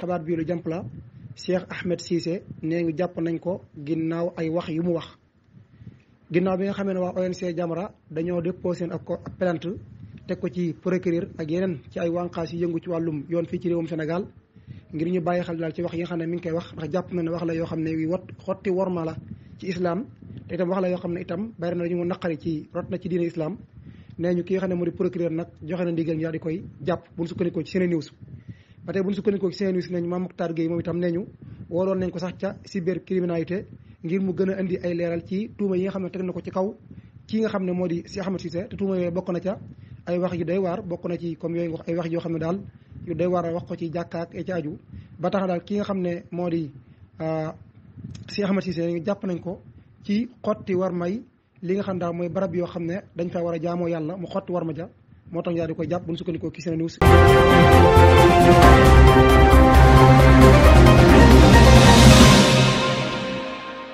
xabaat bii lu jàmp la Cheikh Ahmed Cissé nee ngi jàpp nañ ko ginnaaw ay wax yu mu wax ginnaaw bi nga xamee ne waa ONG Jamra dañoo déposé seen ak ko ak plainte teg ko ci procureur ak yeneen ci ay wànqaas yu yëngu ci wàllum yoon fii ci réewum Sénégal ngir ñu bàyyi xel daal ci wax yi nga xam ne mi ngi koy wax ndax jàpp na ne wax la yoo xam ne yu wat xotti worma la ci islam itam wax la yoo xam ne itam bari na dañu mu naqari ci rot na ci diine islam nee ñu ki nga xam ne moo di procureur nag joxe na ndigal ñu daal di koy jàpp buñ sukkandikoo ci seen news ba tey bu ñu sukkandikoo ci seen nañ Mame Makhtar Gueye moom itam neñu wooloon nañ ko sax ca cybercriminalité ngir mu gën a indi ay leeral ci tuuma yi nga xam ne teg na ko ci kaw ki nga xam ne moo di Cheikh Ahmed Cissé te tuuma yooyu bokk na ca ay wax yu doy waar bokk na ci comme yooyu wax ay wax yoo xam ne daal yu doy waar wax ko ci jàkkaak e ba tax daal ki nga xam ne moo di ah, Cheikh Ahmed Cissé jàpp nañ ko ci xotti war may li nga xam daal mooy barab yoo xam ne dañ faa war a jaamoo yàlla mu xotti war ma ja moo tax ñu daal di koy jàpp bu ñu sukkandikoo ci seen news